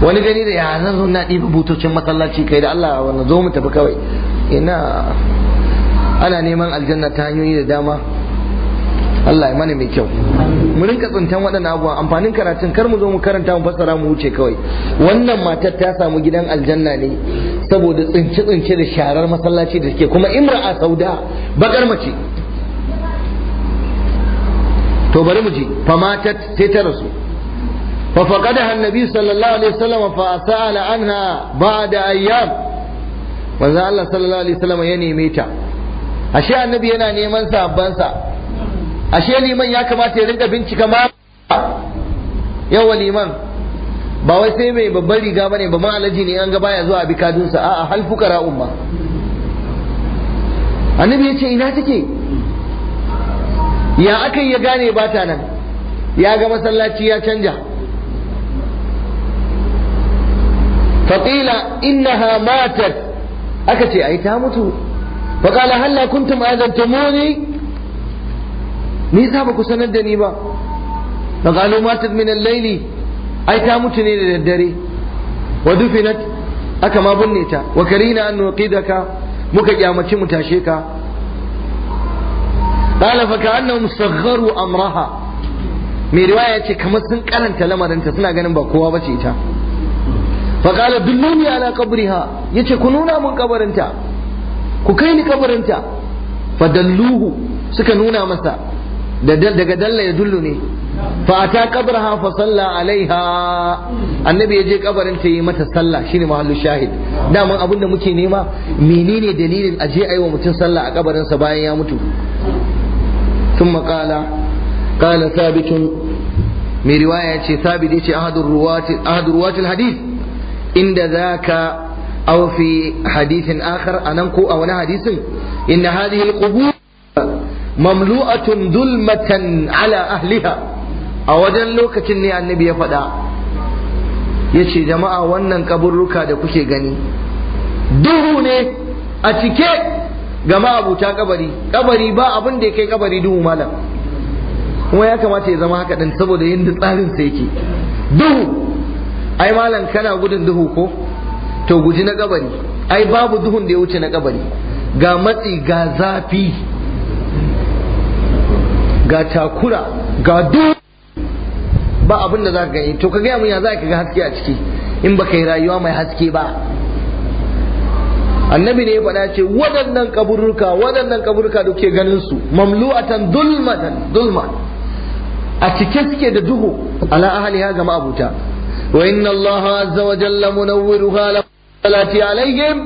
wani gani da ya zan zo na ɗiba butocin masallaci kai da Allah wannan zo mu tafi kawai ina ana neman aljanna ta hanyoyi da dama Allah ya mana mai kyau mu rinka tsintan waɗannan abubuwa amfanin karatun kar mu zo mu karanta mu fassara mu wuce kawai wannan matar ta samu gidan aljanna ne saboda tsince tsince da sharar masallaci da suke kuma imra'a sauda bakar mace to bari mu ji matat sai ta rasu fa faqadaha annabi sallallahu alaihi wasallam fa sa'ala anha ba'da ayyam manzo Allah sallallahu alaihi wasallam ya neme ta ashe annabi yana neman sa ashe liman ya kamata ya rinka bincika ma yawa liman ba wai sai mai babban riga bane ba ma alaji ne an ga baya zuwa bi kadunsa a'a hal fukara umma annabi ya ce ina take ya aka ya gane ba ta nan ya ga masallaci ya canja faƙila innaha matat aka ce ai ta mutu faƙala halla kuntum azantumuni nisa ba ku sanar da ni ba fa qalu matat min ai ta mutu ne da daddare wa dufinat aka ma binne ta wa karina an nuqidaka muka kyamaci mu tashe ka qala fa ka'annahum sagharu amraha mai riwaya ce kamar sun karanta lamarinta suna ganin ba kowa bace ita fa qala dulluni ala qabriha yace ku nuna mun kabarinta ku kai ni kabarinta fa dalluhu suka nuna masa daga dalla ya dullu ne fa ata qabraha fa alaiha annabi ya je kabarin ta yi mata sallah shine mahallu shahid daman abinda muke nema menene dalilin a je ayi wa mutum sallah a kabarin bayan ya mutu thumma qala qala thabitun mai riwaya yace thabit yace ahadur ruwati ahadur ruwati alhadith inda zaka aw hadisin akar a nan ko a wani hadisin inna hadhihi alqubur mamlu'atun zulmatan ala ahliha a wajen lokacin ne annabi ya faɗa ya ce jama'a wannan kaburruka da kuke gani duhu ne a cike ga ma'abuta kabari kabari ba abin da ya kai kabari duhu malam kuma ya kamata ya zama haka din. saboda yadda tsarin sa yake duhu ai malam kana gudun duhu ko to guji na kabari ai babu duhun da ya wuce na kabari ga matsi ga zafi ga takura ga duk ba abin da za ka gani to ka gaya mu ya za ka ga haske a ciki in baka yi rayuwa mai haske ba annabi ne ya faɗa ce waɗannan kaburruka waɗannan kaburruka da kuke ganin su mamlu'atan dulmatan dulma a cike suke da duhu ala ahliha ga ma'abuta wa inna Allah azza wa jalla munawwiruha la salati alaihim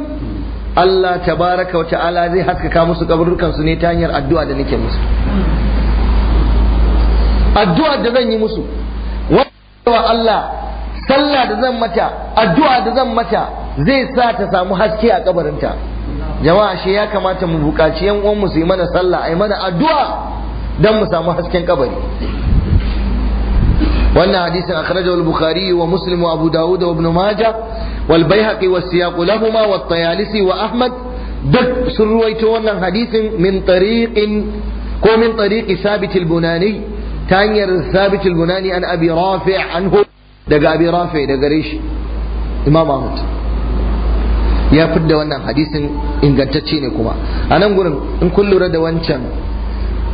Allah tabaraka wa ta'ala zai haskaka musu kaburrukan su ne ta hanyar addu'a da nake musu addu'a da zan yi musu wa Allah sallah da zan mata addu'a da zan mata zai sa ta samu haske a kabarinta jama'a shi ya kamata mu buƙaci yan uwan mu su yi mana sallah ai mana addu'a dan mu samu hasken kabari wannan hadisin akhrajahu al-bukhari wa muslim wa abu daud wa ibn majah wal bayhaqi wa siyaq lahumu wa at-tayalisi wa ahmad duk sun ruwaito wannan hadisin min tariqin ko min tariqi sabit al-bunani ta hanyar thabit bunani an abi rafi' anhu daga abi rafi' daga gare imam ahmad ya fidda wannan hadisin ingantacce ne kuma a nan gurin in kun lura da wancan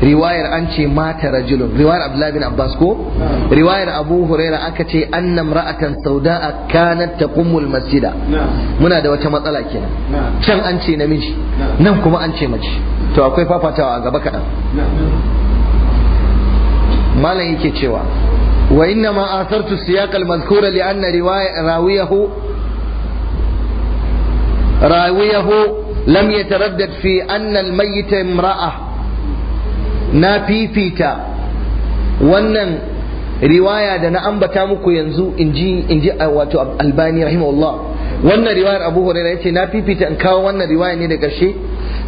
riwayar an ce mata rajulun riwayar abdullahi bin abbas ko riwayar abu huraira aka ce annam ra'atan sauda'a kanat taqummul masjida muna da wata matsala kenan can an ce namiji nan kuma an ce mace to akwai fafatawa a gaba kaɗan malam yake cewa wa inna ma asartu siyaq al-madhkura li anna riwaya rawiyahu راويه لم يتردد في أن الميت امرأة نافيفيتا wannan riwaya da na ambata muku yanzu inji inji wato albani rahimahullah wannan riwayar abu hurairah yace na fifita in kawo wannan riwaya ne da ƙarshe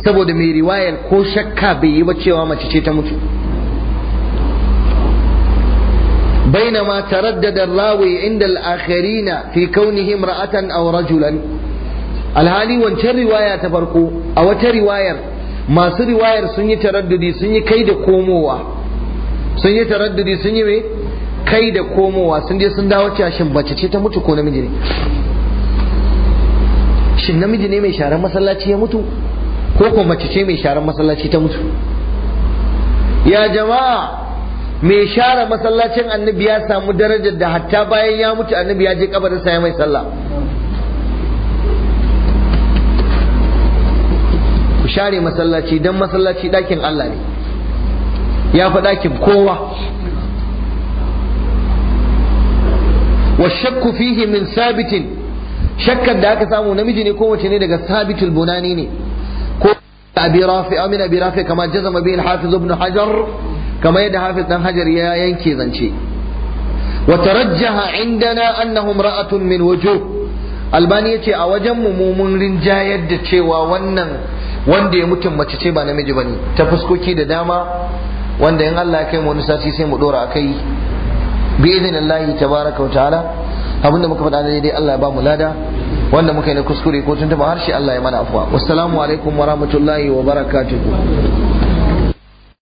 saboda mai riwayar ko shakka bai yi ba cewa mace ce ta mutu بينما تردد الراوي عند الآخرين في كونه امرأة أو رجلا alhali wancan riwaya ta farko a wata riwayar masu riwayar sun yi taraddudi sun yi kai da komowa sun yi taraddudi sun yi kai da komowa sun je sun dawo cashin bace ce ta mutu ko namiji ne shin namiji ne mai sharan masallaci ya mutu ko ko mace mai sharan masallaci ta mutu ya jama'a mai share masallacin annabi ya samu darajar da hatta bayan ya mutu annabi ya je sa ya mai sallah ku share masallaci don masallaci ɗakin Allah ne ya fi ɗakin kowa wa shakku fihi min sabitin shakkan da aka samu namiji ne kowace ne daga sabitul bunani ne ko abi rafi amin abi rafi kama jazama bihi al-hafiz ibn hajar kamar yadda hafiz dan hajar ya yanke zance wa inda na annahum ra'atun min wujuh albani ce a wajen mu mun rinjayar da cewa wannan wanda ya mutum mace ce ba namiji bane ta fuskoki da dama wanda in Allah ya kai mu wani sai mu dora akai bi idinillahi tabaraka wa ta'ala abinda muka faɗa ne dai Allah ya ba lada wanda muka yi na kuskure ko tuntuɓa harshe Allah ya mana afuwa wassalamu alaikum wa rahmatullahi wa barakatuhu